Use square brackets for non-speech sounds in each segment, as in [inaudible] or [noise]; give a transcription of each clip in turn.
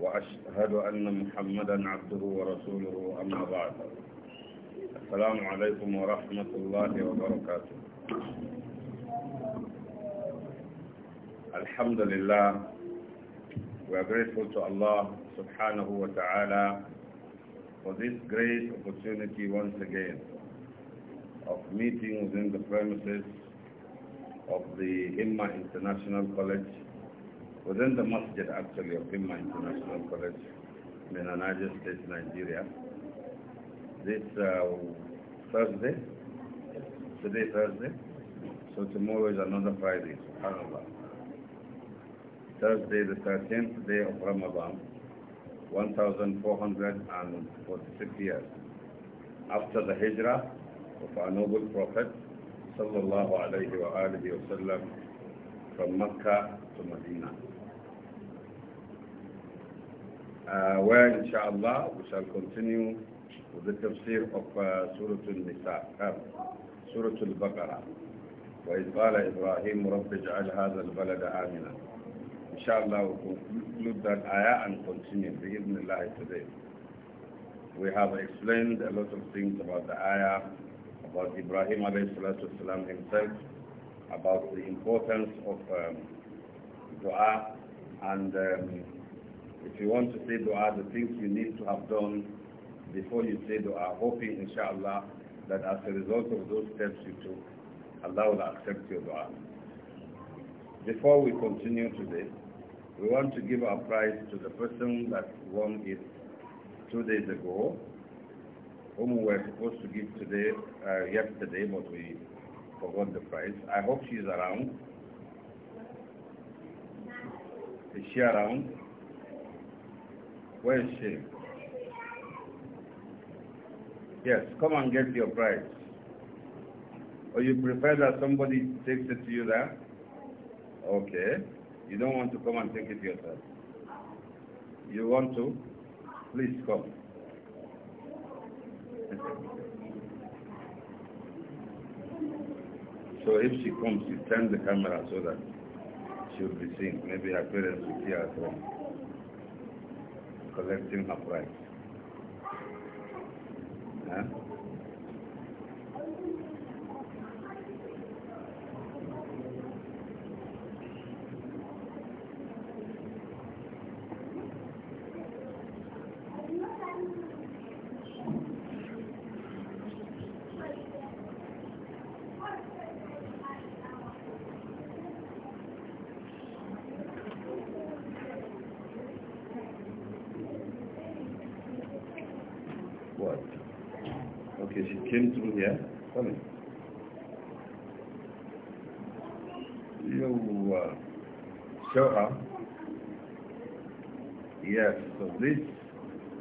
وأشهد أن محمدا عبده ورسوله أما بعد السلام عليكم ورحمة الله وبركاته الحمد لله We are grateful to Allah subhanahu wa ta'ala for this great opportunity once again of meeting within the premises of the Himma International College within the masjid actually of Himma International College in United States, Nigeria. This uh, Thursday, today Thursday, so tomorrow is another Friday, subhanAllah. Thursday the 13th day of Ramadan, 1446 years after the hijrah of our noble prophet sallallahu alayhi wa alihi wa sallam from Mecca to Medina uh, where inshallah we shall continue with the tafsir of uh, Surah Al-Nisa, uh, um, Surah Al-Baqarah. وإذ قال إبراهيم رب اجعل هذا البلد آمنا إن we'll conclude that ayah and continue بإذن Allah, today. We have explained a lot of things about the ayah, about Ibrahim والسلام, himself, about the importance of um, dua and um, if you want to say dua, the things you need to have done before you say dua, hoping inshallah that as a result of those steps you took, Allah will accept your dua. Before we continue today, we want to give our prize to the person that won it two days ago, whom we were supposed to give today, uh, yesterday, but we forgot the prize. I hope she is around. Is she around? Where is she? Yes, come and get your prize. Or oh, you prefer that somebody takes it to you there? Okay. You don't want to come and take it yourself. You want to? Please come. [laughs] So if she comes, you turn the camera so that she'll be seen. Maybe her parents will see her at home collecting her price. Huh? came through here. Sorry. You uh, show her. Yes, so this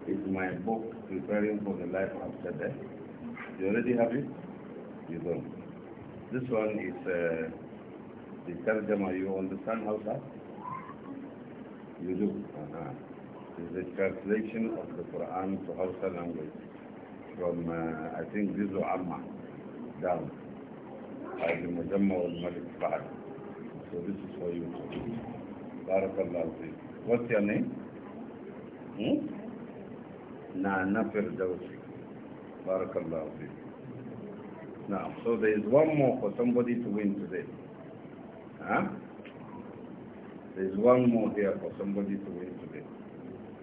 is my book preparing for the life after death. You already have it? You don't. This one is uh, the Tarjama. You understand how that? You do. Uh -huh. It's the translation of the Quran to Hausa language from uh, I think Zizu Amma down by the Mujamma al Malik Fahad. So this is for you too. Barakallahu What's your name? Hmm? Nana Firdausi. Barakallahu fi. Now, so there is one more for somebody to win today. Huh? There is one more here for somebody to win today.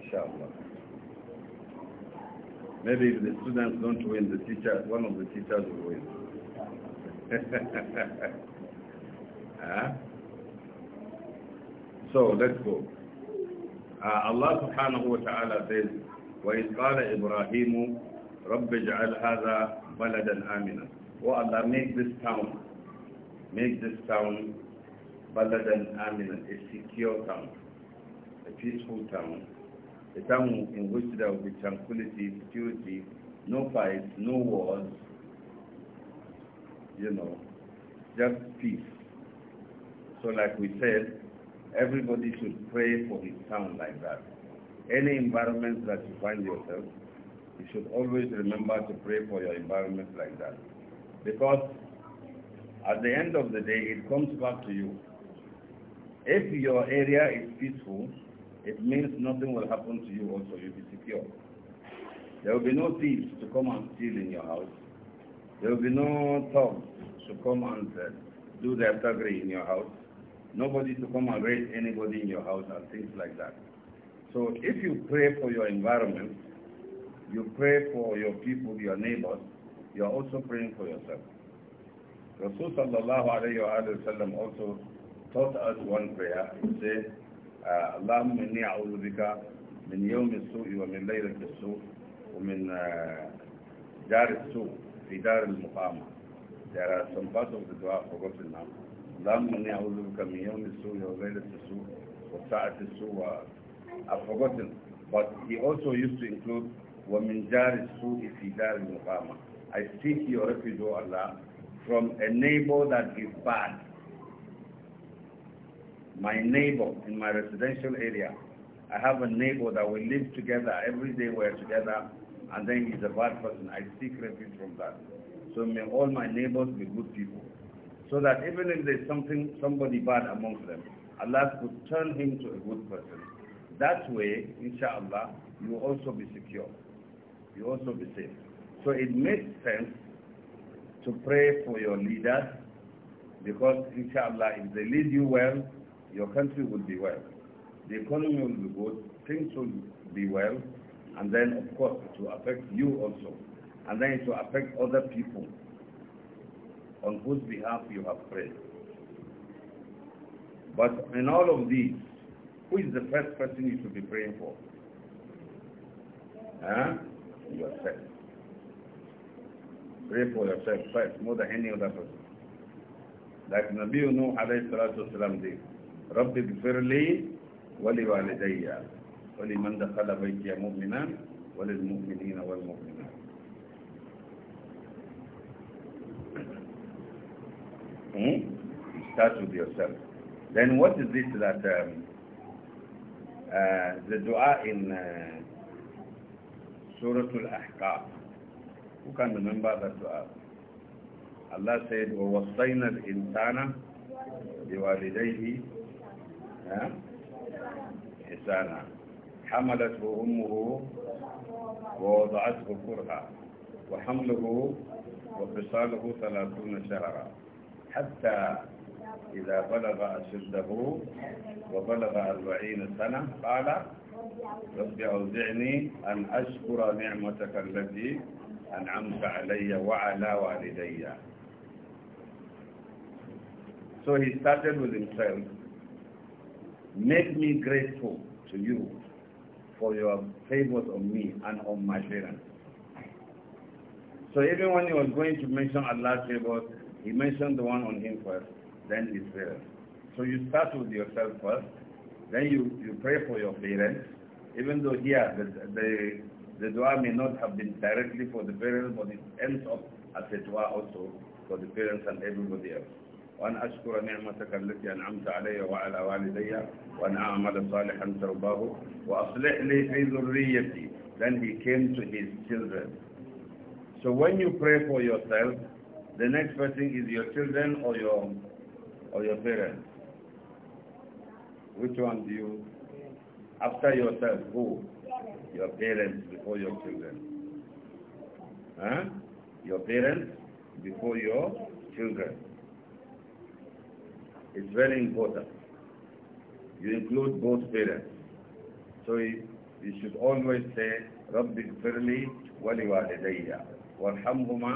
Inshallah. Maybe if the students don't win, the teacher, one of the teachers will win. [laughs] huh? So let's go. Uh, Allah subhanahu wa ta'ala says, وَإِذْ قَالَ إِبْرَاهِيمُ رَبِّ اجْعَلْ هَذَا بَلَدًا آمِنًا Oh Allah, make this town, make this town بَلَدًا آمِنًا, a secure town, a peaceful town, a time in which there will be tranquility, security, no fights, no wars, you know, just peace. So like we said, everybody should pray for his town like that. Any environment that you find yourself, you should always remember to pray for your environment like that. Because at the end of the day, it comes back to you. If your area is peaceful, it means nothing will happen to you also. You'll be secure. There will be no thieves to come and steal in your house. There will be no thugs to come and uh, do their thuggery in your house. Nobody to come and rape anybody in your house and things like that. So if you pray for your environment, you pray for your people, your neighbors, you are also praying for yourself. Rasul sallallahu alayhi wa sallam also taught us one prayer. He said, اللهم إني أعوذ بك من يوم السوء ومن ليلة السوء ومن دار السوء في دار المقامة There are some parts of the dua forgotten now. اللهم إني أعوذ بك من يوم السوء وليلة السوء وساعة السوء I've forgotten. But he also used to include ومن دار السوء في دار المقامة I seek your refuge, O Allah, from a neighbor that is bad my neighbor in my residential area. I have a neighbor that we live together. Every day we're together. And then he's a bad person. I seek refuge from that. So may all my neighbors be good people. So that even if there's something, somebody bad amongst them, Allah could turn him to a good person. That way, inshallah, you will also be secure. You also be safe. So it makes sense to pray for your leaders because inshallah, if they lead you well, your country will be well. The economy will be good, things will be well, and then, of course, it will affect you also. And then it will affect other people on whose behalf you have prayed. But in all of these, who is the first person you should be praying for? Huh? Yourself. Pray for yourself first, more than any other person. Like Nabi Nuh alayhi salatu wasalam did. رب اغفر لي ولوالدي ولمن دخل بيتي مؤمنا وللمؤمنين والمؤمنات hmm? Start with yourself. Then what is this that um, uh, the dua in uh, Surah Al-Ahqaf? Who can remember that dua? Allah said, وَوَصَّيْنَا الْإِنسَانَ بِوَالِدَيْهِ نعم. إحسانا حملته أمه ووضعته كرها وحمله وفصاله ثلاثون شهرا حتى إذا بلغ أشده وبلغ أربعين سنة قال رب أوزعني أن أشكر نعمتك التي أنعمت علي وعلى والدي So he started with himself Make me grateful to you for your favors on me and on my parents. So even when he was going to mention Allah's favors, he mentioned the one on him first, then his parents. So you start with yourself first, then you, you pray for your parents, even though here the, the, the dua may not have been directly for the parents, but it ends up as a dua also for the parents and everybody else. وأن أشكر نعمتك التي أنعمت علي وعلى والدي وأن أعمل صالحا ترضاه وأصلح لي في ذريتي Then he came to his children. So when you pray for yourself, the next person is your children or your or your parents. Which one do you? After yourself, who? Your parents before your children. Huh? Your parents before your children is very important. You include both parents. So you, should always say, "Rabbi اغْفِرْ لِي وَلِوَالِدَيَّ وَارْحَمْهُمَا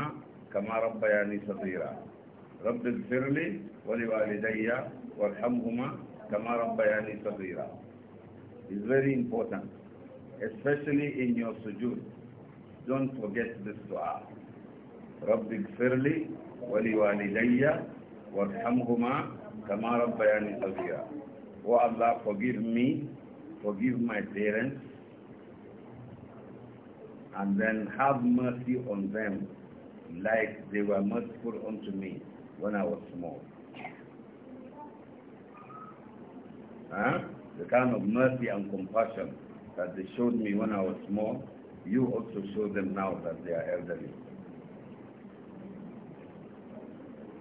كَمَا رَبَّيَانِي صَغِيرًا Rabbi اغْفِرْ لِي وَلِوَالِدَيَّ وَارْحَمْهُمَا كَمَا رَبَّيَانِي صَغِيرًا It's very important, especially in your sujood. Don't forget this dua. رَبِّ اغْفِرْ لِي وَلِوَالِدَيَّ وَارْحَمْهُمَا كما Oh Allah, forgive me, forgive my parents, and then have mercy on them like they were merciful unto me when I was small. Huh? The kind of mercy and compassion that they showed me when I was small, you also show them now that they are elderly.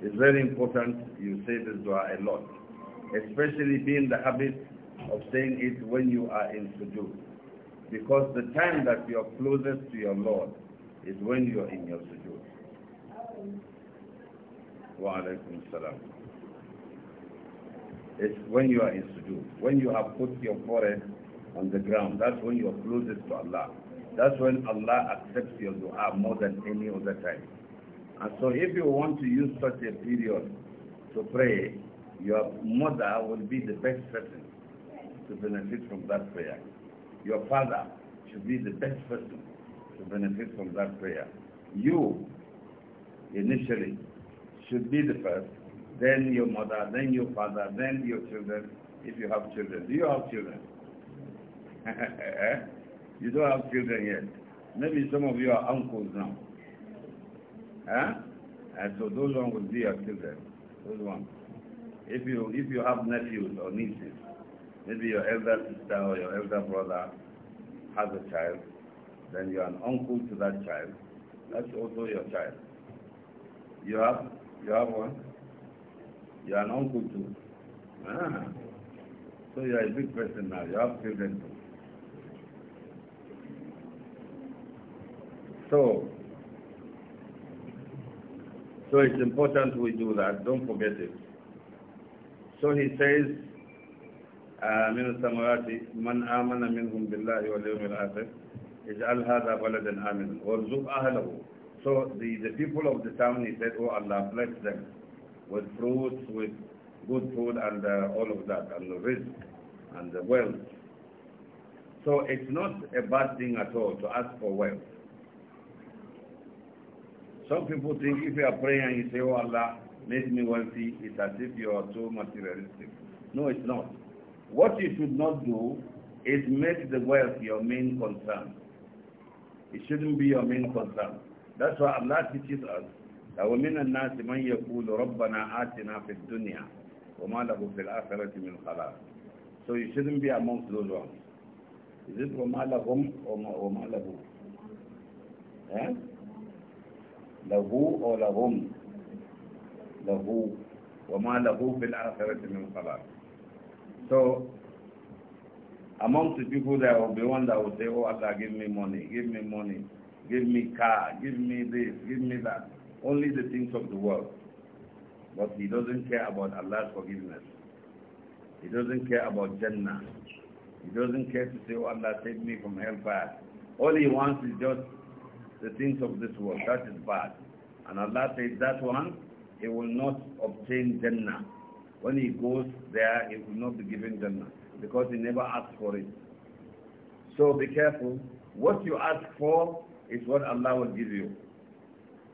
It's very important you say this dua a lot, especially be in the habit of saying it when you are in sujood. Because the time that you are closest to your Lord is when you are in your sujood. Wa alaikum salam. It's when you are in sujood. When you have put your forehead on the ground, that's when you are closest to Allah. That's when Allah accepts your dua more than any other time. And so if you want to use such a period to pray, your mother will be the best person to benefit from that prayer. Your father should be the best person to benefit from that prayer. You, initially, should be the first, then your mother, then your father, then your children, if you have children. Do you have children? [laughs] Eh? you don't have children yet. Maybe some of you are uncles now. Huh? And so those ones will be your children. Those ones. If you if you have nephews or nieces, maybe your elder sister or your elder brother has a child, then you're an uncle to that child. That's also your child. You have you have one? You're an uncle too. Ah. So you're a big person now. You have children too. So so it's important we do that. Don't forget it. So he says, من الثمرات من آمن منهم بالله واليوم الآخر اجعل هذا بلدا آمنا وارزق أهله So the, the people of the town, he said, oh Allah, bless them with fruits, with good food and uh, all of that, and the risk and the wealth. So it's not a bad thing at all to ask for wealth. Some people think if you are praying and you say, Oh Allah, make me wealthy, it's as if you are too materialistic. No, it's not. What you should not do is make the wealth your main concern. It shouldn't be your main concern. That's why Allah teaches us that وَمِنَ النَّاسِ مَنْ يَقُولُ رَبَّنَا آتِنَا فِي الدُّنْيَا وَمَا لَهُ فِي الْآخِرَةِ مِنْ خَلَاقٍ So you shouldn't be amongst those ones. Is it وَمَا لَهُمْ وَمَا لَهُ? Eh? lahu or lahum lahu وَمَا لَهُ the الْآخِرَةِ مِنْ خَلَقٍ So, among the people there will be one that will say, oh Allah, give me money, give me money, give me car, give me this, give me that. Only the things of the world. But he doesn't care about Allah's forgiveness. He doesn't care about Jannah. He doesn't care to say, oh Allah, save me from hellfire. All he wants is just the things of this world. That is bad. And Allah says that one, he will not obtain Jannah. When he goes there, he will not be given Jannah because he never asked for it. So be careful. What you ask for is what Allah will give you.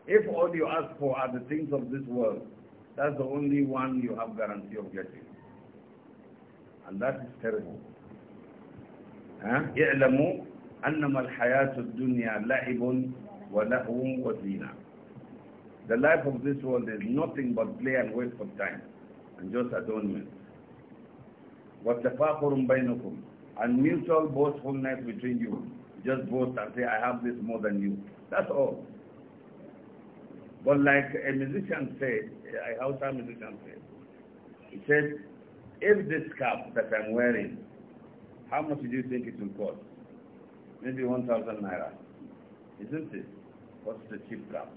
If all you ask for are the things of this world, that's the only one you have guarantee of getting. And that is terrible. Huh? annama dunya la'ibun wa lahwun wa zina. The life of this world is nothing but play and waste of time and just adornment. وَتَفَاقُرٌ بَيْنَكُمْ And mutual boastfulness between you. Just boast and say, I have this more than you. That's all. But like a musician said, a Hausa musician said, he said, if this cap that I'm wearing, how much do you think it will cost? maybe 1,000 naira. Isn't it? What's the cheap cap?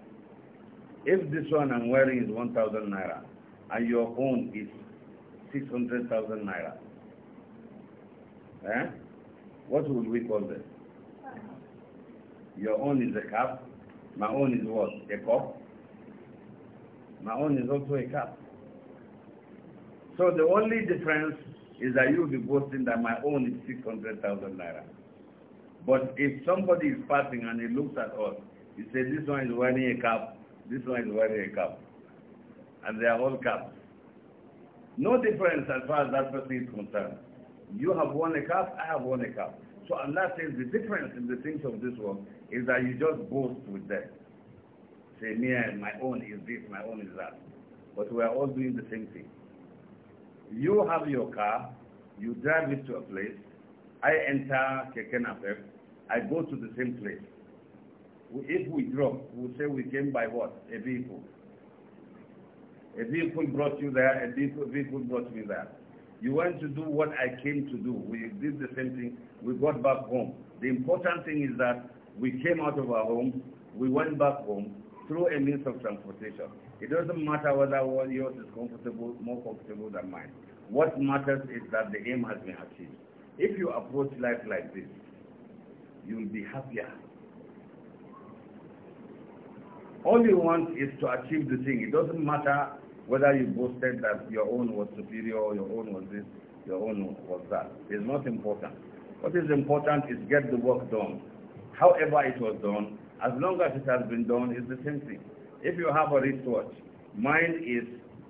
If this one I'm wearing is 1,000 naira and your own is 600,000 naira, eh? what would we call this? Your own is a cup. My own is what? A cup. My own is also a cup. So the only difference is that you'll be boasting that my own is 600,000 naira. But if somebody is passing and he looks at us, he says, this one is wearing a cap, this one is wearing a cap. And they are all caps. No difference as far as that person is concerned. You have worn a cap, I have worn a cap. So Allah says the difference in the things of this world is that you just boast with them. Say, me and my own is this, my own is that. But we are all doing the same thing. You have your car, you drive it to a place, I enter Keke I go to the same place. If we drop, we say we came by what? A vehicle. A vehicle brought you there, a vehicle, vehicle brought me there. You went to do what I came to do. We did the same thing. We got back home. The important thing is that we came out of our home, we went back home through a means of transportation. It doesn't matter whether yours is comfortable, more comfortable than mine. What matters is that the aim has been achieved. If you approach life like this, you'll be happier. All you want is to achieve the thing. It doesn't matter whether you boasted that your own was superior or your own was this, your own was that. It's not important. What is important is get the work done. However it was done, as long as it has been done, it's the same thing. If you have a wristwatch, mine is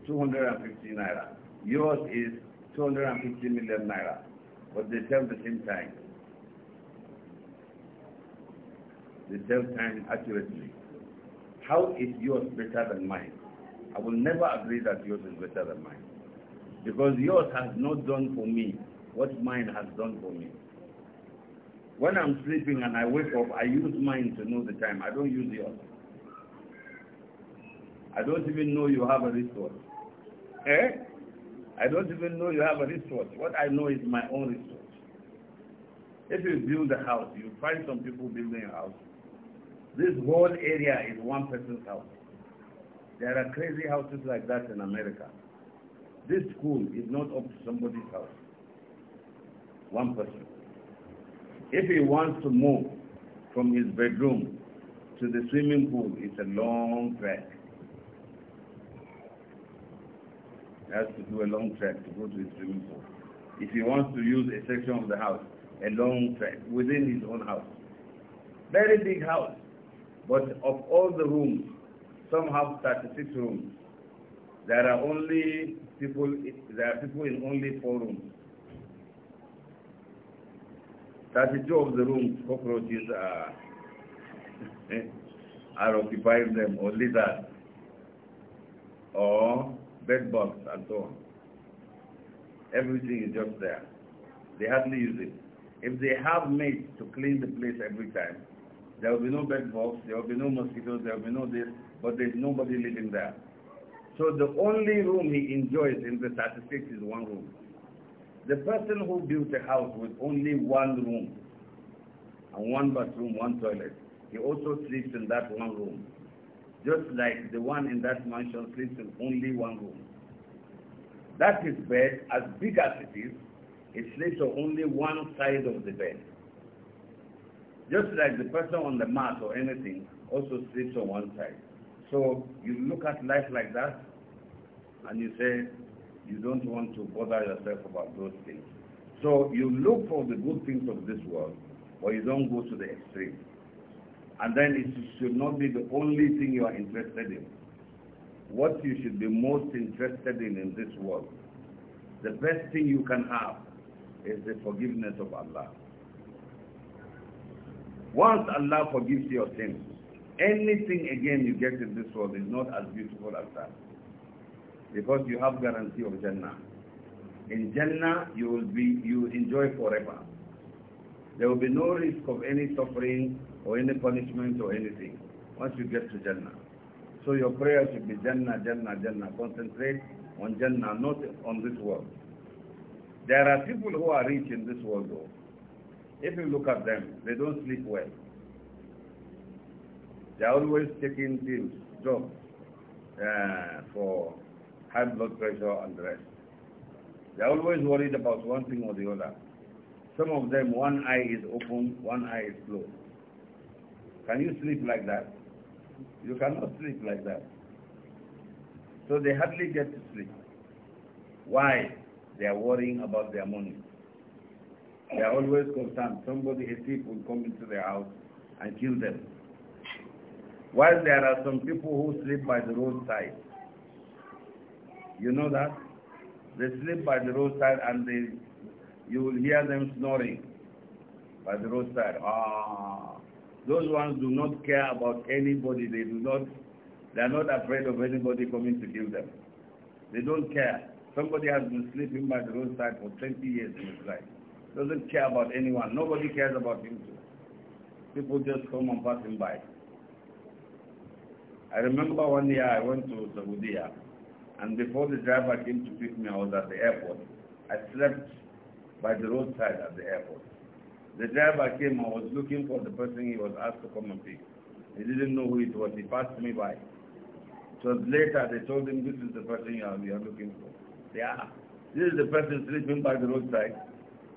250 naira. Yours is 250 million naira. But they tell the same time. the same time accurately. How is yours better than mine? I will never agree that yours is better than mine. Because yours has not done for me what mine has done for me. When I'm sleeping and I wake up, I use mine to know the time. I don't use yours. I don't even know you have a resource. Eh? I don't even know you have a resource. What I know is my own resource. If you build a house, you find some people building a house this whole area is one person's house. There are crazy houses like that in America. This school is not up to somebody's house. One person. If he wants to move from his bedroom to the swimming pool, it's a long trek. He has to do a long trek to go to his swimming pool. If he wants to use a section of the house, a long trek within his own house. Very big house. But of all the rooms, some have 36 rooms. There are only people, there are people in only four rooms. 32 of the rooms, cockroaches are, [laughs] are occupying them, or lizards, or bedbugs, and so on. Everything is just there. They hardly use it. If they have maids to clean the place every time, there will be no bed bugs, there will be no mosquitoes, there will be no this, but there's nobody living there. So the only room he enjoys in the statistics is one room. The person who built a house with only one room and one bathroom, one toilet, he also sleeps in that one room. Just like the one in that mansion sleeps in only one room. That is bed, as big as it is, it sleeps on only one side of the bed. Just like the person on the mat or anything also sleeps on one side. So you look at life like that and you say, you don't want to bother yourself about those things. So you look for the good things of this world, but you don't go to the extreme. And then it should not be the only thing you are interested in. What you should be most interested in in this world, the best thing you can have is the forgiveness of Allah. Once Allah forgives your sins, anything again you get in this world is not as beautiful as that. Because you have guarantee of Jannah. In Jannah, you will be, you enjoy forever. There will be no risk of any suffering or any punishment or anything once you get to Jannah. So your prayer should be Jannah, Jannah, Jannah. Concentrate on Jannah, not on this world. There are people who are rich in this world though. If you look at them, they don't sleep well. They are always taking pills, drugs, uh, for high blood pressure and the rest. They are always worried about one thing or the other. Some of them, one eye is open, one eye is closed. Can you sleep like that? You cannot sleep like that. So they hardly get to sleep. Why? They are worrying about their money. They are always concerned. Somebody, a thief, will come into their house and kill them. While there are some people who sleep by the roadside, you know that? They sleep by the roadside and they, you will hear them snoring by the roadside. Ah, those ones do not care about anybody. They do not, they are not afraid of anybody coming to kill them. They don't care. Somebody has been sleeping by the roadside for 20 years in his life doesn't care about anyone. Nobody cares about him too. People just come and pass him by. I remember one year I went to Saudiya, and before the driver came to pick me, I was at the airport. I slept by the roadside at the airport. The driver came, I was looking for the person he was asked to come and pick. He didn't know who it was. He passed me by. It was later they told him, this is the person you are, you are looking for. Yeah, this is the person sleeping by the roadside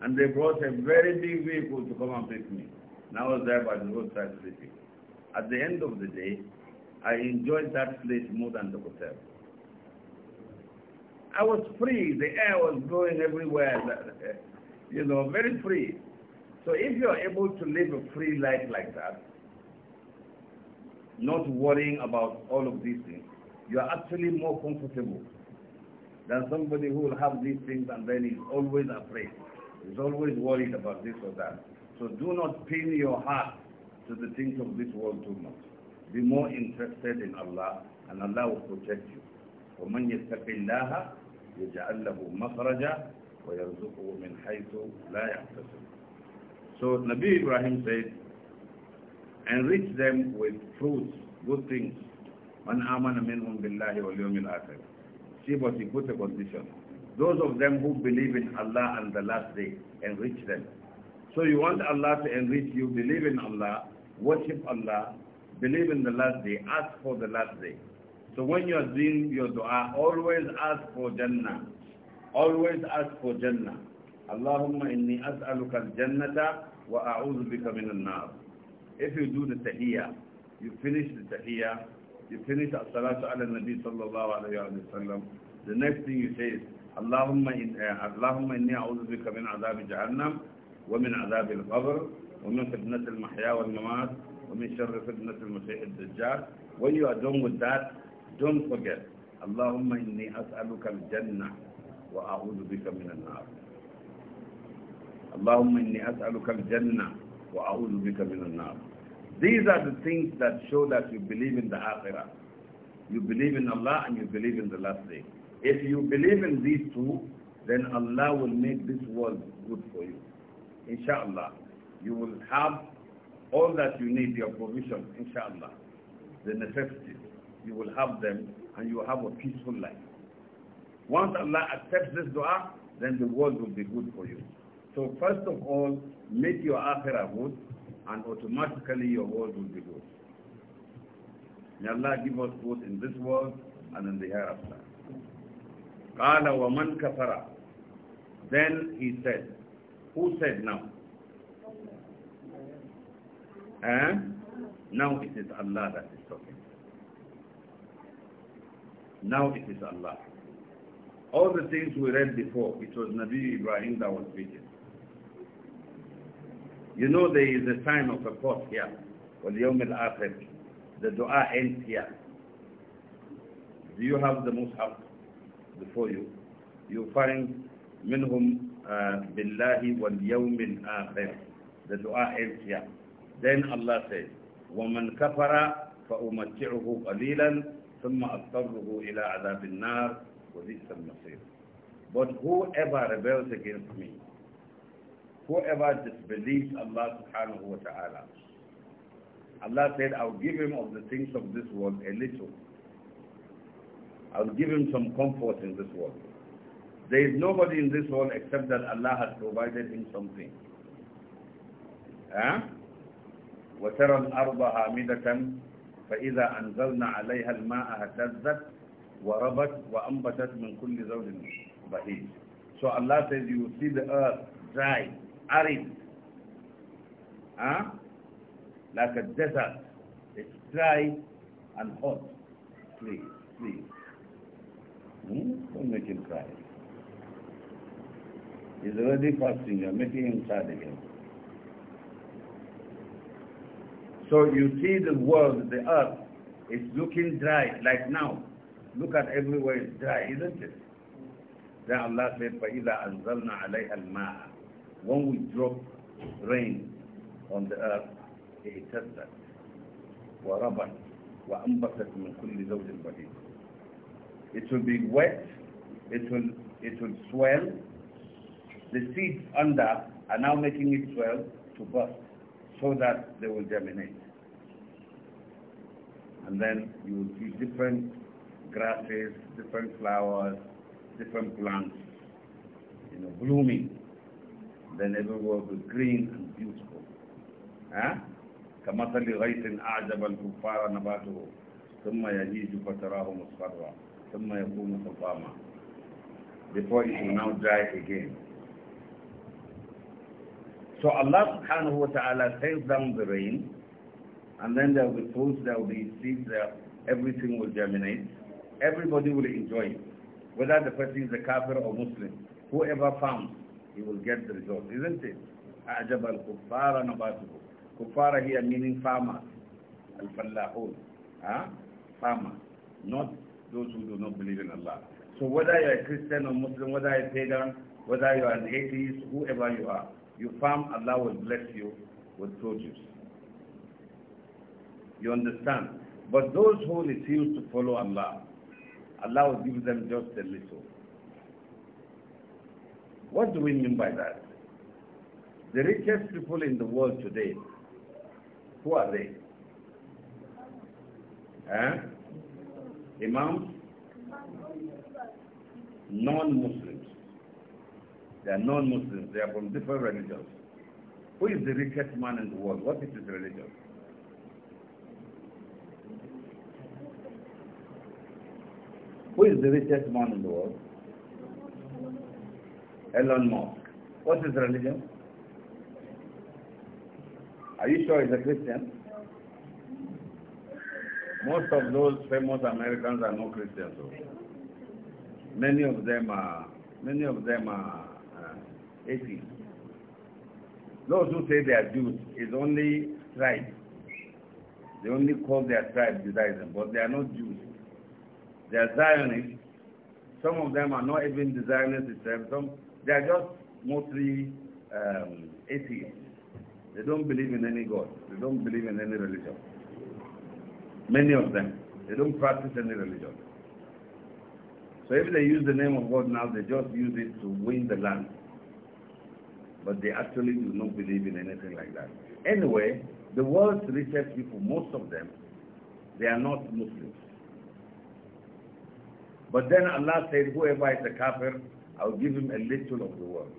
and they brought a very big vehicle to come and pick me. And I was there by the roadside sleeping. At the end of the day, I enjoyed that place more than the hotel. I was free. The air was blowing everywhere. You know, very free. So if you're able to live a free life like that, not worrying about all of these things, you are actually more comfortable than somebody who will have these things and then is always afraid is always worried about this or that. So do not pin your heart to the things of this world too much. Be more interested in Allah and Allah will protect you. وَمَنْ يَتَّقِ اللَّهَ يَجْعَلْ لَهُ مَخْرَجًا وَيَرْزُقُهُ مِنْ حَيْثُ لَا يَحْتَسِبُ So Nabi Ibrahim said, enrich them with fruits, good things. مَنْ آمَنَ مِنْهُمْ بِاللَّهِ وَالْيَوْمِ الْآخِرِ See, but he put a condition those of them who believe in Allah and the last day, enrich them. So you want Allah to enrich you, believe in Allah, worship Allah, believe in the last day, ask for the last day. So when you are doing your dua, always ask for Jannah. Always ask for Jannah. Allahumma inni as'aluka al-jannata wa a'udhu bika min al-nar. If you do the tahiyyah, you finish the tahiyyah, you finish as-salatu ala nabi sallallahu alayhi wa sallam, the next thing you say is, اللهم إن آه، اللهم إني أعوذ بك من عذاب جهنم ومن عذاب القبر ومن فتنة المحيا والممات ومن شر فتنة المسيح الدجال When you are done with that, don't forget اللهم إني أسألك الجنة وأعوذ بك من النار اللهم إني أسألك الجنة وأعوذ بك من النار These are the things that show that you believe in the Akhirah. You believe in Allah and you believe in the last day. If you believe in these two, then Allah will make this world good for you. Inshallah. You will have all that you need, your provision, inshallah. The necessities, you will have them and you will have a peaceful life. Once Allah accepts this dua, then the world will be good for you. So first of all, make your akhirah good and automatically your world will be good. May Allah give us good in this world and in the hereafter. قَالَ man kafara. Then he said, who said now? Eh? Now it is Allah that is talking. Now it is Allah. All the things we read before, it was Nabi Ibrahim that was speaking. You know there is a time of a pause here. وَالْيَوْمِ الْآخِرِ The dua ends here. Do you have the Mus'haf? before you, you find minhum uh, billahi wal yawmin akhir. The dua ends here. Then Allah says, وَمَنْ كَفَرَ فَأُمَتِّعُهُ قَلِيلًا ثُمَّ أَضْطَرُّهُ إِلَىٰ عَذَابِ النَّارِ وَبِئْسَ الْمَصِيرُ But whoever rebels against me, whoever disbelieves Allah subhanahu wa ta'ala, Allah said, I'll give him of the things of this world a little I'll give him some comfort in this world. There is nobody in this world except that Allah has provided him something. وترى الأرض هامدة فإذا أنزلنا عليها الماء اهتزت وربت وأنبتت من كل زوج بهيج. So Allah says you see the earth dry, arid, huh? like a desert. It's dry and hot. Please, please. Hmm? Don't make him cry. He's already fasting, you're making him sad again. So you see the world, the earth, is looking dry, like now. Look at everywhere, it's dry, isn't it? Then Allah said, فَإِذَا أَنزَلْنَا عَلَيْهَا الْمَاءَ When we drop rain on the earth, it اهتزت وربت وأنبتت من كل زوج بديل it will be wet. It will, it will swell. The seeds under are now making it swell to burst so that they will germinate. And then you will see different grasses, different flowers, different plants, you know, blooming. Then everywhere will be green and beautiful. Huh? كمثل غيث أعجب الكفار نباته ثم يهيج فتراه مصفرا ثم يكون حطاما before it will now dry again. So Allah subhanahu wa ta'ala sends down the rain and then there will be fruits, there will be seeds, there, everything will germinate. Everybody will enjoy it. Whether the person is a kafir or Muslim, whoever farms, he will get the result, isn't it? أعجب الكفار نباته كفار here meaning farmers الفلاحون huh? farmers not those who do not believe in Allah. So whether you're a Christian or Muslim, whether you're a pagan, whether you're an atheist, whoever you are, you farm, Allah will bless you with produce. You understand? But those who refuse to follow Allah, Allah will give them just a little. What do we mean by that? The richest people in the world today, who are they? Huh? Imams, non-Muslims. They are non-Muslims. They are from different religions. Who is the richest man in the world? What is his religion? Who is the richest man in the world? Elon Musk. What's his religion? Are you sure he's a Christian? Most of those famous Americans are not Christians. So. Many of them are many of them are uh, atheists. Those who say they are Jews is only tribe. They only call their tribe Judaism, but they are not Jews. They are Zionists. Some of them are not even Zionists themselves. Some they are just mostly um, atheists. They don't believe in any God. They don't believe in any religion. Many of them. They don't practice any religion. So if they use the name of God now, they just use it to win the land. But they actually do not believe in anything like that. Anyway, the world's richest people, most of them, they are not Muslims. But then Allah said, whoever is a kafir, I'll give him a little of the world.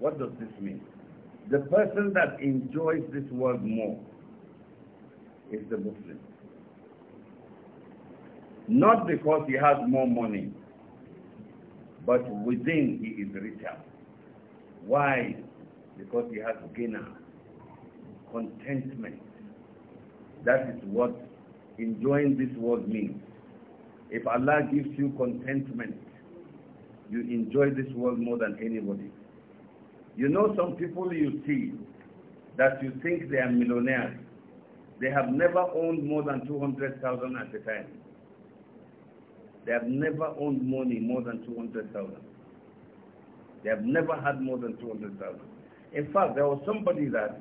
What does this mean? The person that enjoys this world more is the Muslim. Not because he has more money, but within he is richer. Why? Because he has gainer, contentment. That is what enjoying this world means. If Allah gives you contentment, you enjoy this world more than anybody. You know some people you see that you think they are millionaires. They have never owned more than 200,000 at a time. They have never owned money more than 200,000. They have never had more than 200,000. In fact, there was somebody that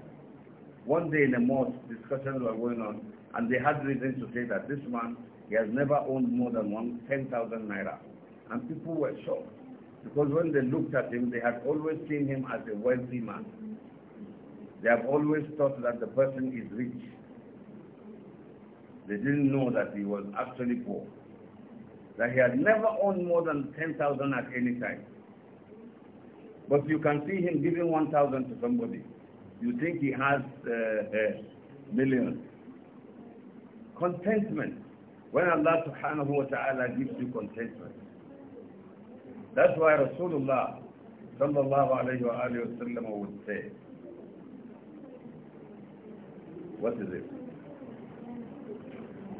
one day in a mosque, discussions were going on, and they had reason to say that this man, he has never owned more than one 10,000 naira. And people were shocked because when they looked at him, they had always seen him as a wealthy man. They have always thought that the person is rich. They didn't know that he was actually poor that he had never owned more than 10,000 at any time. But you can see him giving 1,000 to somebody. You think he has uh, uh, millions. Contentment. When Allah subhanahu wa ta'ala gives you contentment. That's why Rasulullah sallallahu alayhi wa alayhi wa sallam would say, what is it?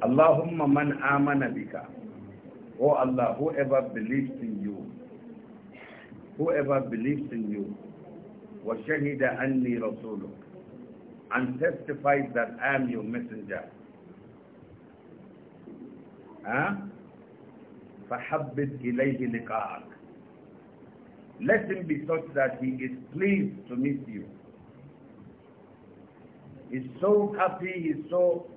Allahumma man amana bika O oh Allah, whoever believes in you, whoever believes in you, وَشَهِدَ anni رَسُولُكَ and testifies that I am your messenger. Huh? فَحَبِّدْ إِلَيْهِ لِقَاءَكَ Let him be such that he is pleased to meet you. He's so happy, he's so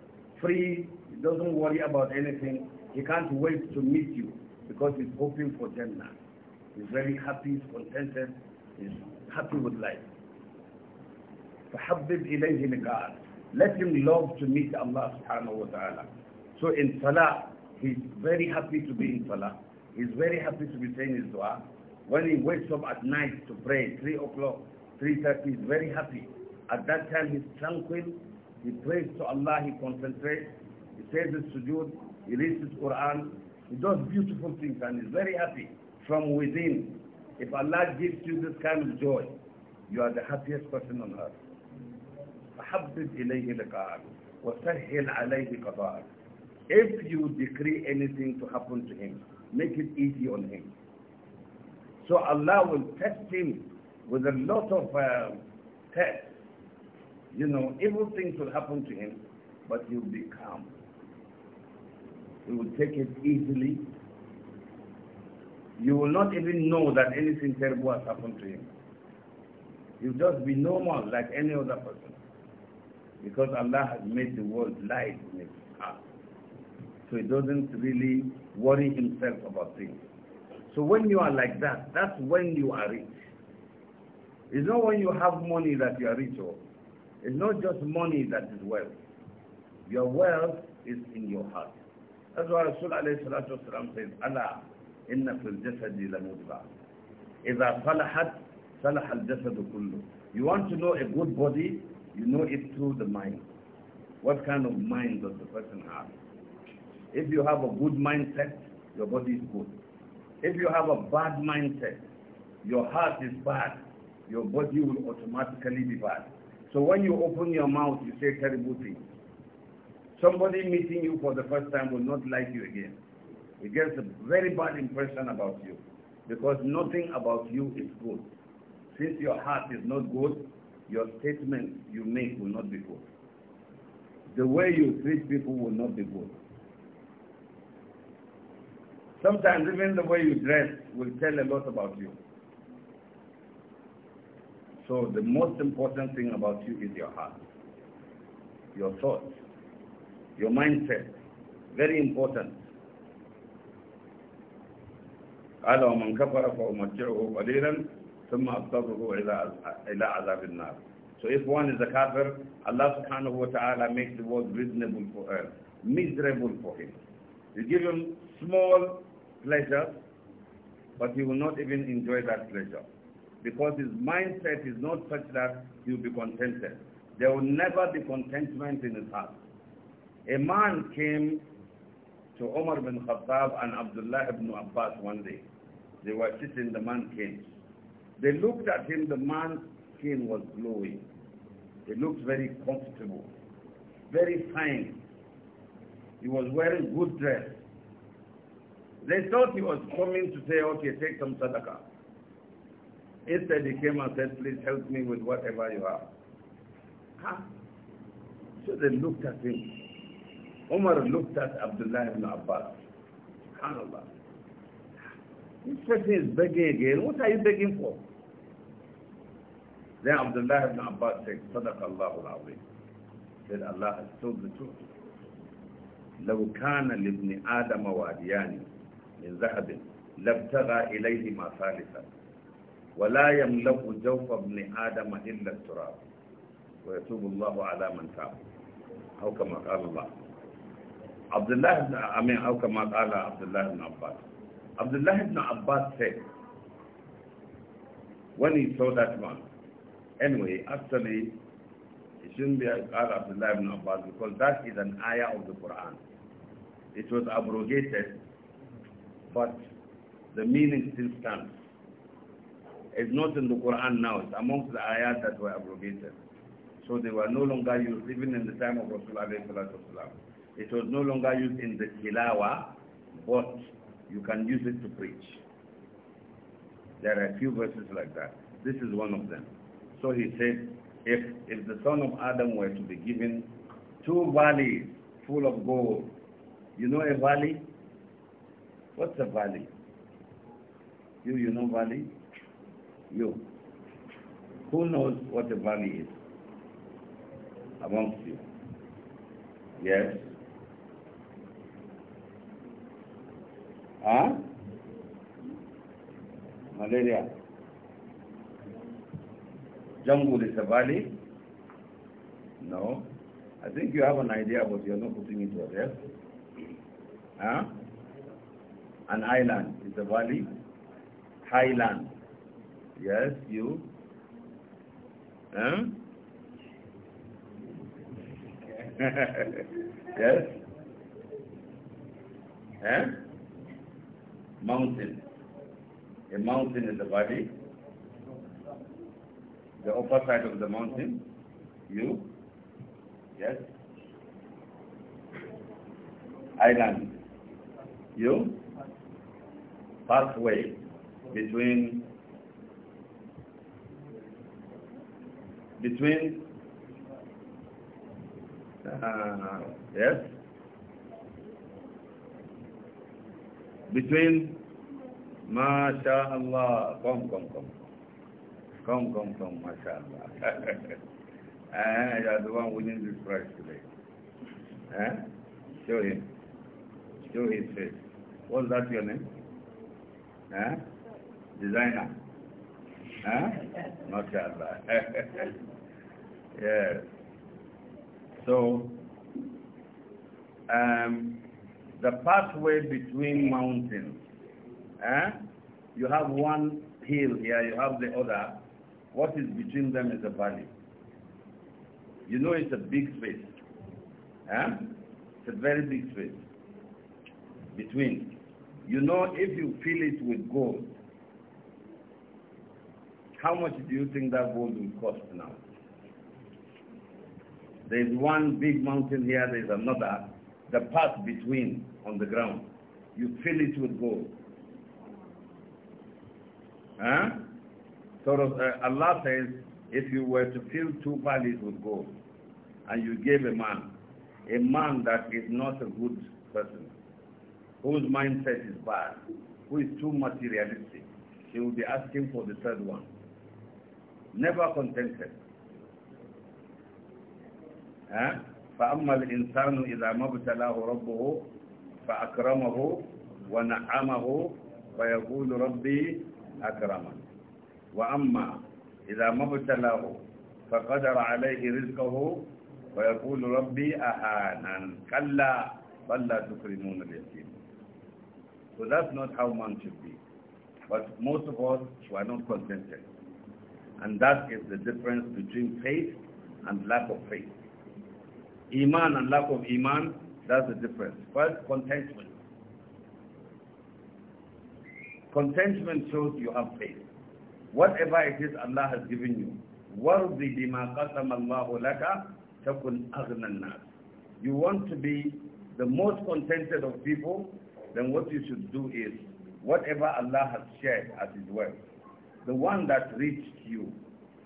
free, he doesn't worry about anything. He can't wait to meet you because he's hoping for Jannah. He's very happy, he's contented, he's happy with life. فَحَبِّبْ إِلَيْهِ لِقَاءَ Let him love to meet Allah subhanahu wa ta'ala. So in salah, he's very happy to be in salah. He's very happy to be saying his dua. When he wakes up at night to pray, 3 o'clock, 3.30, he's very happy. At that time, he's tranquil. He prays to Allah, he concentrates. He says his sujood, he reads his Quran. He does beautiful things and is very happy from within. If Allah gives you this kind of joy, you are the happiest person on earth. إليه وسهل عليه If you decree anything to happen to him, make it easy on him. So Allah will test him with a lot of uh, tests. You know, evil things will happen to him, but he'll be calm you will take it easily. You will not even know that anything terrible has happened to him. You will just be normal like any other person. Because Allah has made the world light in his heart. So he doesn't really worry himself about things. So when you are like that, that's when you are rich. It's not when you have money that you are rich. Or. Oh. It's not just money that is wealth. Your wealth is in your heart. That's why Rasul alayhi salatu wasalam says, Allah, inna fil jasadi la Iza salahat, salah jasadu kullu. You want to know a good body, you know it through the mind. What kind of mind does the person have? If you have a good mindset, your body is good. If you have a bad mindset, your heart is bad, your body will automatically be bad. So when you open your mouth, you say terrible things somebody meeting you for the first time will not like you again. He gets a very bad impression about you because nothing about you is good. Since your heart is not good, your statements you make will not be good. The way you treat people will not be good. Sometimes even the way you dress will tell a lot about you. So the most important thing about you is your heart, your thoughts your mindset. Very important. قال ومن كفر فأمتعه قليلا ثم أضطره إلى إلى عذاب So if one is a kafir, Allah subhanahu wa ta'ala makes the world reasonable for him, miserable for him. You give him small pleasure, but he will not even enjoy that pleasure. Because his mindset is not such that he will be contented. There will never be contentment in his heart. A man came to Omar bin Khattab and Abdullah ibn Abbas one day. They were sitting, the man came. They looked at him, the man's skin was glowing. He looked very comfortable, very fine. He was wearing good dress. They thought he was coming to say, okay, take some sadaqah. Instead, he came and said, please help me with whatever you have. Huh? So they looked at him. Umar looked at Abdullah ibn Abbas. SubhanAllah. This person is begging again. What are you begging for? Then Abdullah ibn Abbas said, Sadaqallahu al-Azim. Said Allah has told the truth. لو كان لابن آدم واديان من ذهب لابتغى إليهما ثالثا ولا يملك جوف ابن آدم إلا التراب ويتوب الله على من تاب أو كما قال الله Abdullah, I mean, how come Allah Abdullah ibn Abbas? Abdullah ibn Abbas said, when he saw that man, anyway, actually, it shouldn't be Allah Abdullah ibn Abbas because that is an ayah of the Quran. It was abrogated, but the meaning still stands. It's not in the Quran now, it's amongst the ayahs that were abrogated. So they were no longer used even in the time of Rasulullah. It was no longer used in the tilawa, but you can use it to preach. There are a few verses like that. This is one of them. So he said, if, if the son of Adam were to be given two valleys full of gold, you know a valley? What's a valley? You, you know valley? You. Who knows what a valley is amongst you? Yes? malaria jungle is a valley no i think you have an idea but you're not putting it there huh? an island is a valley highland yes you huh? [laughs] yes huh? mountain. A mountain is the body. The upper side of the mountain. You. Yes. Island. You. Pathway between between uh, yes between Masha Allah, come, come, come. Come, come, come, Masha Allah. and [laughs] eh, you the one winning this prize today. Eh? Show him. Show his face. What's that your name? Eh? Designer. Huh? Eh? Masha Allah. [laughs] yes. So, um, the pathway between mountains. Eh? You have one hill here, you have the other. What is between them is a valley. You know it's a big space. Eh? It's a very big space. Between. You know if you fill it with gold, how much do you think that gold will cost now? There's one big mountain here, there's another the path between on the ground. You fill it with gold. Huh? So uh, Allah says, if you were to fill two valleys with gold, and you gave a man, a man that is not a good person, whose mindset is bad, who is too materialistic, he will be asking for the third one. Never contented. Huh? فأما الإنسان إذا ما ابتلاه ربه فأكرمه ونعمه فيقول ربي أكرمن وأما إذا ما ابتلاه فقدر عليه رزقه ويقول ربي أهانا كلا بل لا تكرمون اليتيم So that's not how man should be. But most of us were not contented. And that is the difference between faith and lack of faith. Iman and lack of Iman, that's the difference. First, contentment. Contentment shows you have faith. Whatever it is Allah has given you, وَرْضِ بِمَا قَسَمَ اللَّهُ لَكَ تَكُنْ أَغْنَى النَّاسِ You want to be the most contented of people, then what you should do is, whatever Allah has shared as His wealth, the one that reached you,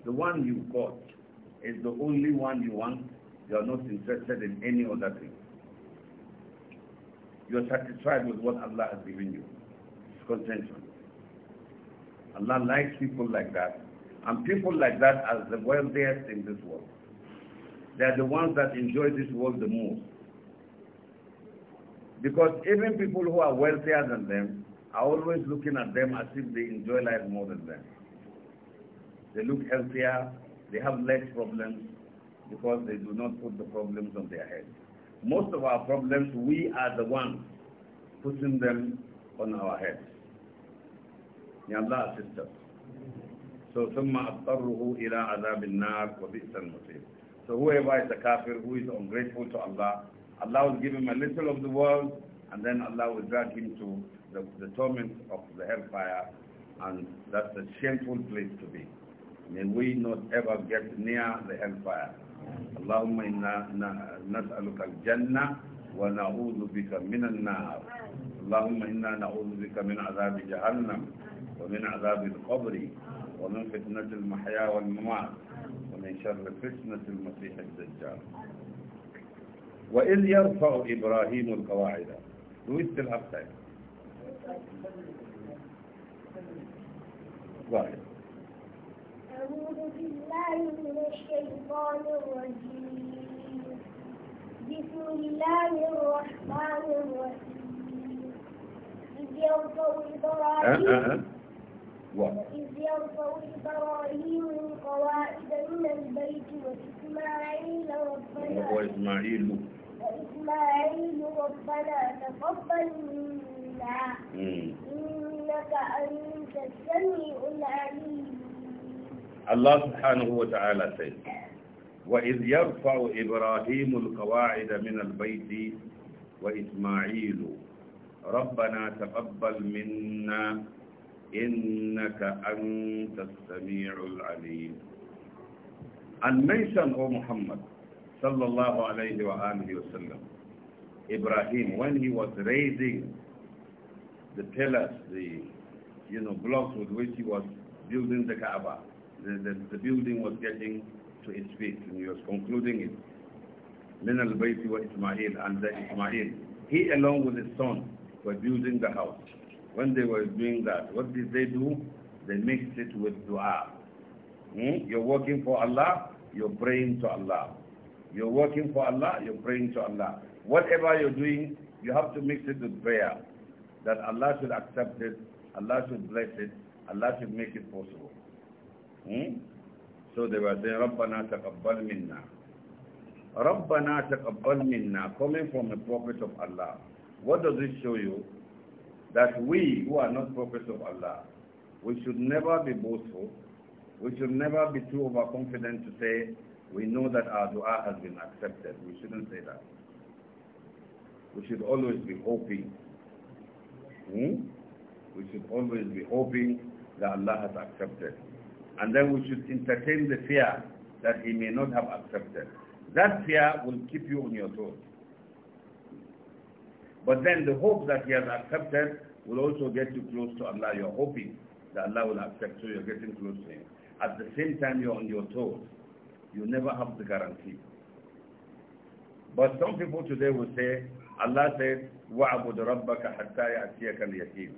the one you got, is the only one you want you are not interested in any other thing. You are satisfied with what Allah has given you. It's contentment. Allah likes people like that. And people like that are the wealthiest in this world. They are the ones that enjoy this world the most. Because even people who are wealthier than them are always looking at them as if they enjoy life more than them. They look healthier, they have less problems, because they do not put the problems on their head. Most of our problems, we are the ones putting them on our heads. Ya Allah sister. So, So whoever is a kafir, who is ungrateful to Allah, Allah will give him a little of the world, and then Allah will drag him to the, the torment of the hellfire, and that's a shameful place to be. May we not ever get near the hellfire. اللهم إنا نسألك الجنة ونعوذ بك من النار اللهم إنا نعوذ بك من عذاب جهنم ومن عذاب القبر ومن فتنة المحيا والممات ومن شر فتنة المسيح الدجال وإذ يرفع إبراهيم القواعد do it واحد أعوذ بالله من الشيطان الرجيم بسم الله الرحمن الرحيم إذ يرفع إبراهيم آه، آه، آه. إذ يرفع إبراهيم القواعد من البيت وإسماعيل ربنا وإسماعيل وإسماعيل ربنا تقبل منا إنك أنت السميع العليم الله سبحانه وتعالى سيد وإذ يرفع إبراهيم القواعد من البيت وإسماعيل ربنا تقبل منا إنك أنت السميع العليم And mention, O Muhammad, صلى الله عليه وآله وسلم Ibrahim, when he was raising the pillars, the you know blocks with which he was building the Kaaba, the, the, the building was getting to its feet and he was concluding it. Min al wa Ismail and the Ismail. He along with his son were building the house. When they were doing that, what did they do? They mixed it with dua. Hmm? You're working for Allah, you're praying to Allah. You're working for Allah, you're praying to Allah. Whatever you're doing, you have to mix it with prayer. That Allah should accept it, Allah should bless it, Allah should make it possible. Hmm? So they were saying, Rabbana taqabbal minna. Rabbana taqabbal minna, coming from the prophet of Allah. What does this show you? That we who are not prophets of Allah, we should never be boastful. We should never be too overconfident to say, we know that our dua has been accepted. We shouldn't say that. We should always be hoping. Hmm? We should always be hoping that Allah has accepted and then we should entertain the fear that he may not have accepted. That fear will keep you on your toes. But then the hope that he has accepted will also get you close to Allah. You're hoping that Allah will accept, so you're getting close to him. At the same time, you're on your toes. You never have the guarantee. But some people today will say, Allah said, وَعَبُدْ رَبَّكَ حَتَّى يَأْتِيَكَ الْيَقِينُ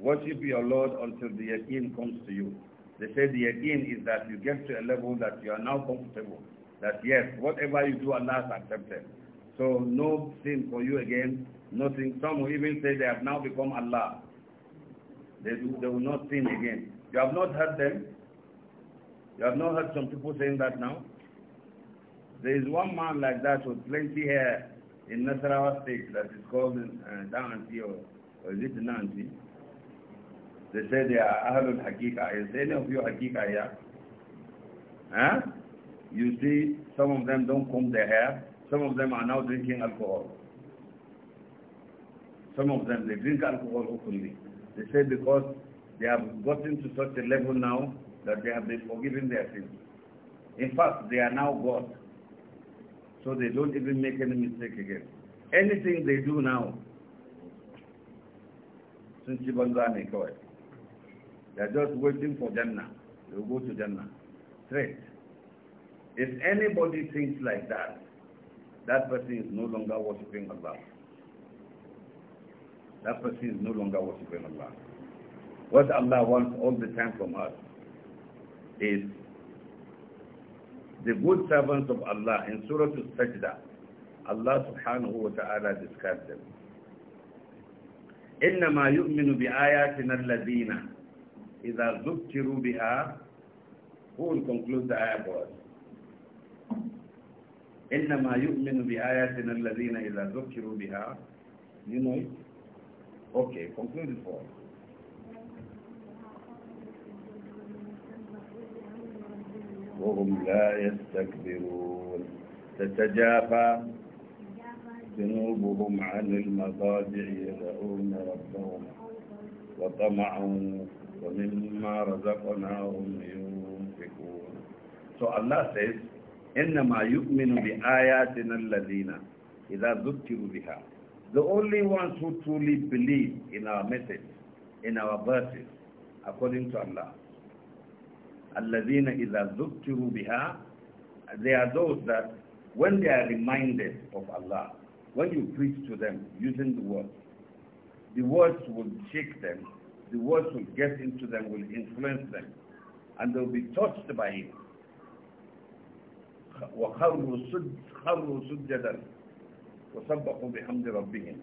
Worship your Lord until the yaqeen comes to you. They say the again is that you get to a level that you are now comfortable. That yes, whatever you do, Allah has accepted. So no sin for you again, nothing. Some will even say they have now become Allah. They, do, they will not sin again. You have not heard them? You have not heard some people saying that now? There is one man like that with plenty hair in Nasarawa state that is called uh, or, or is it they say they are Ahlul Hakika. Is any of you Hakika here? Huh? You see, some of them don't comb their hair. Some of them are now drinking alcohol. Some of them, they drink alcohol openly. They say because they have gotten to such a level now that they have been forgiven their sins. In fact, they are now God. So they don't even make any mistake again. Anything they do now, since ci have ne kawai they're just waiting for Jannah. They'll go to Jannah. Straight. If anybody thinks like that, that person is no longer worshipping Allah. That person is no longer worshipping Allah. What Allah wants all the time from us is the good servants of Allah in Surah Al-Sajda, Allah subhanahu wa ta'ala described them. إِنَّمَا يُؤْمِنُ بِآيَاتِنَا الَّذِينَ إذا ذكروا بها who will conclude the ayah for إنما يؤمن بآياتنا الذين إذا ذكروا بها you know it? okay conclude it for وهم لا يستكبرون تتجافى جنوبهم عن المضاجع يدعون ربهم وطمعهم وَمِمَّا رَزَقْنَاهُمْ يُنْفِقُونَ So Allah says, إِنَّمَا يُؤْمِنُ بِآيَاتِنَا الَّذِينَ إِذَا ذُكِّرُوا بِهَا The only ones who truly believe in our message, in our verses, according to Allah. الَّذِينَ إِذَا ذُكِّرُوا بِهَا They are those that when they are reminded of Allah, when you preach to them using the words, the words will shake them the words will get into them, will influence them, and they'll be touched by it. وَخَرُّوا سُجَّدًا وَصَبَّقُوا بِحَمْدِ رَبِّهِمْ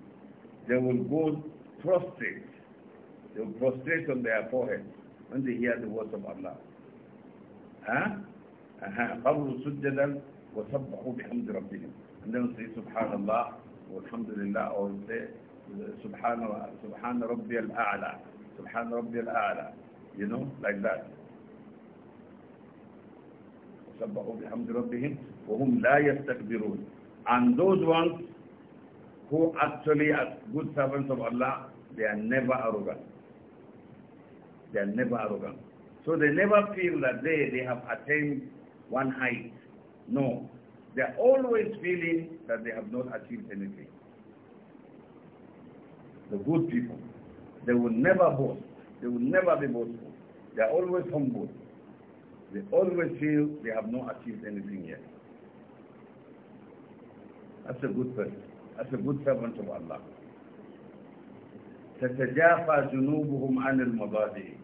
They will go prostrate. They will prostrate on their forehead when they hear the words of Allah. Huh? Uh-huh. خَرُّوا سُجَّدًا وَصَبَّقُوا بِحَمْدِ رَبِّهِمْ And then say, Subhanallah, Alhamdulillah, or say, Subhan Rabbi al-A'la. Subhan al A'la. You know, like that. وَسَبَّحُوا بِحَمْدِ رَبِّهِمْ وَهُمْ لَا يَسْتَكْبِرُونَ And those ones who actually are good servants of Allah, they are never arrogant. They are never arrogant. So they never feel that they, they have attained one height. No. They are always feeling that they have not achieved anything. The good people. They will never boast. They will never be boastful. They are always humble. They always feel they have not achieved anything yet. That's a good person. That's a good servant of Allah. جنوبهم عن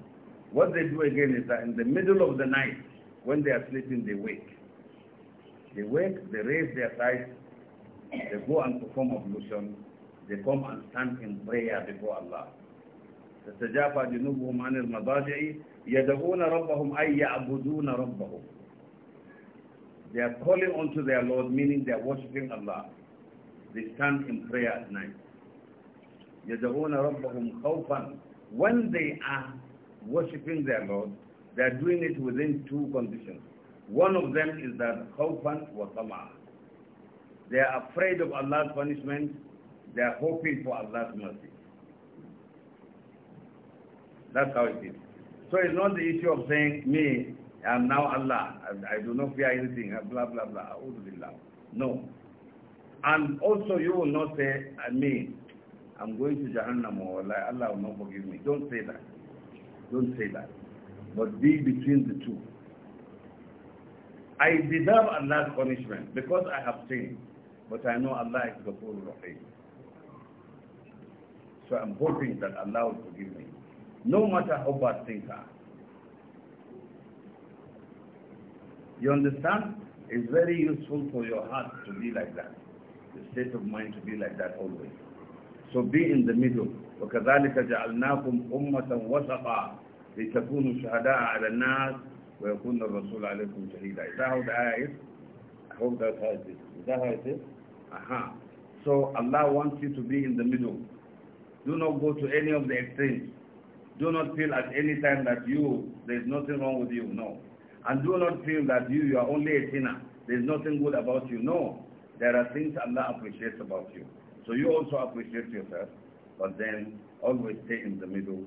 What they do again is that in the middle of the night, when they are sleeping, they wake. They wake, they raise their eyes. they go and perform ablution, they come and stand in prayer before Allah. تتجافى جنوبهم عن المضاجع يدعون ربهم أي يعبدون ربهم They are calling unto their Lord, meaning they are worshipping Allah. They stand in prayer at night. يدعون ربهم خوفا When they are worshipping their Lord, they are doing it within two conditions. One of them is that خوفا وطمعا They are afraid of Allah's punishment. They are hoping for Allah's mercy. That's how it is. So it's not the issue of saying, me, I'm now Allah. I, I do not fear anything, blah, blah, blah. No. And also you will not say, me, I'm going to Jahannam or oh, Allah will not forgive me. Don't say that. Don't say that. But be between the two. I deserve Allah's punishment because I have sinned. But I know Allah is the Ghafur Rahim. So I'm hoping that Allah will forgive me no matter how bad things are. You understand? It's very useful for your heart to be like that, the state of mind to be like that always. So be in the middle. وَكَذَلِكَ جَعَلْنَاكُمْ أُمَّةً وَسَطًا لِتَكُونُوا شُهَدَاءَ عَلَى النَّاسِ وَيَكُونَ الرَّسُولُ عَلَيْكُمْ شَهِيدًا Is that how the ayah is? I hope that's how it is. Is that how it is? Aha. So Allah wants you to be in the middle. Do not go to any of the extremes. Do not feel at any time that you, there is nothing wrong with you. No. And do not feel that you, you are only a sinner. There is nothing good about you. No. There are things Allah appreciates about you. So you also appreciate yourself. But then always stay in the middle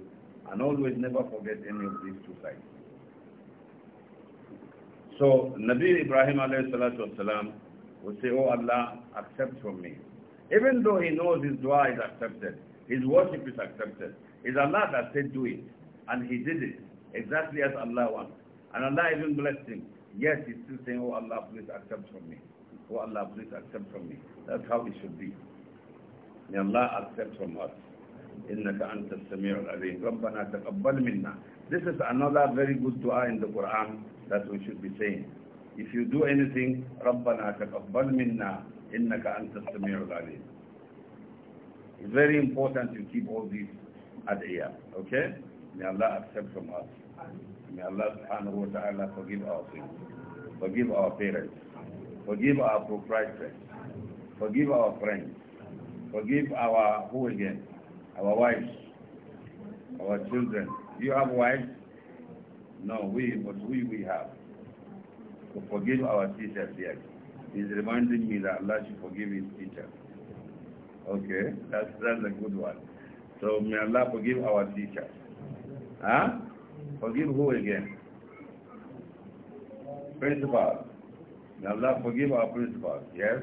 and always never forget any of these two sides. So Nabi Ibrahim والسلام, would say, Oh Allah, accept from me. Even though he knows his dua is accepted, his worship is accepted, it's Allah that said do it. And he did it exactly as Allah wants. And Allah even blessed him. Yes, he's still saying, oh Allah, please accept from me. Oh Allah, please accept from me. That's how it should be. May Allah accept from us. إنك أنت السميع العليم ربنا تقبل منا This is another very good dua in the Quran that we should be saying. If you do anything, ربنا تقبل منا إنك أنت السميع العليم. It's very important to keep all these ad'iyah. Okay? May Allah accept from us. May Allah subhanahu wa ta'ala forgive our sins. Forgive our parents. Forgive our proprietors. Forgive our friends. Forgive our, who again? Our wives. Our children. You have wives? No, we, but we, we have. So forgive our teachers, yet? He's reminding me that Allah should forgive his teacher. Okay, that's, that's a good one. So may Allah forgive our teacher. Huh? Forgive who again? Principal. May Allah forgive our principal. yes?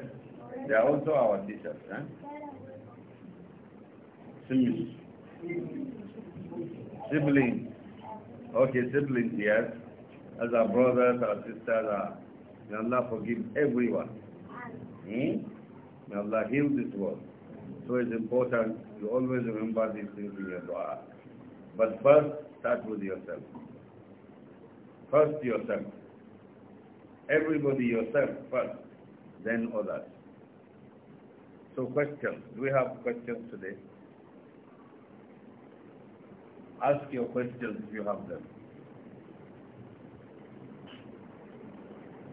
They are also our teachers, huh? Siblings. Siblings. Okay, siblings, yes. As our brothers, our sisters, are. Uh, may Allah forgive everyone. Hmm? May Allah heal this world. So it's important you always remember these things in your dua. But first, start with yourself. First yourself. Everybody yourself first, then others. So questions. Do we have questions today? Ask your questions if you have them.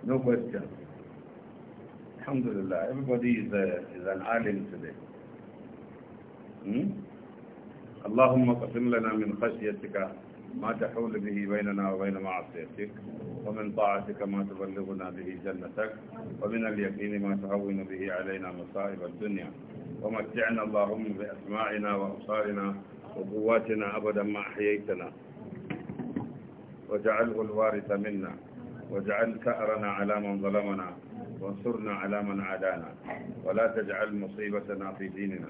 No questions. Alhamdulillah. Everybody is, a, uh, is an alim today. اللهم اقسم لنا من خشيتك ما تحول به بيننا وبين معصيتك ومن طاعتك ما تبلغنا به جنتك ومن اليقين ما تهون به علينا مصائب الدنيا ومتعنا اللهم بأسماعنا وأبصارنا وقواتنا أبدا ما أحييتنا واجعله الوارث منا واجعل كأرنا على من ظلمنا وانصرنا على من عادانا ولا تجعل مصيبتنا في ديننا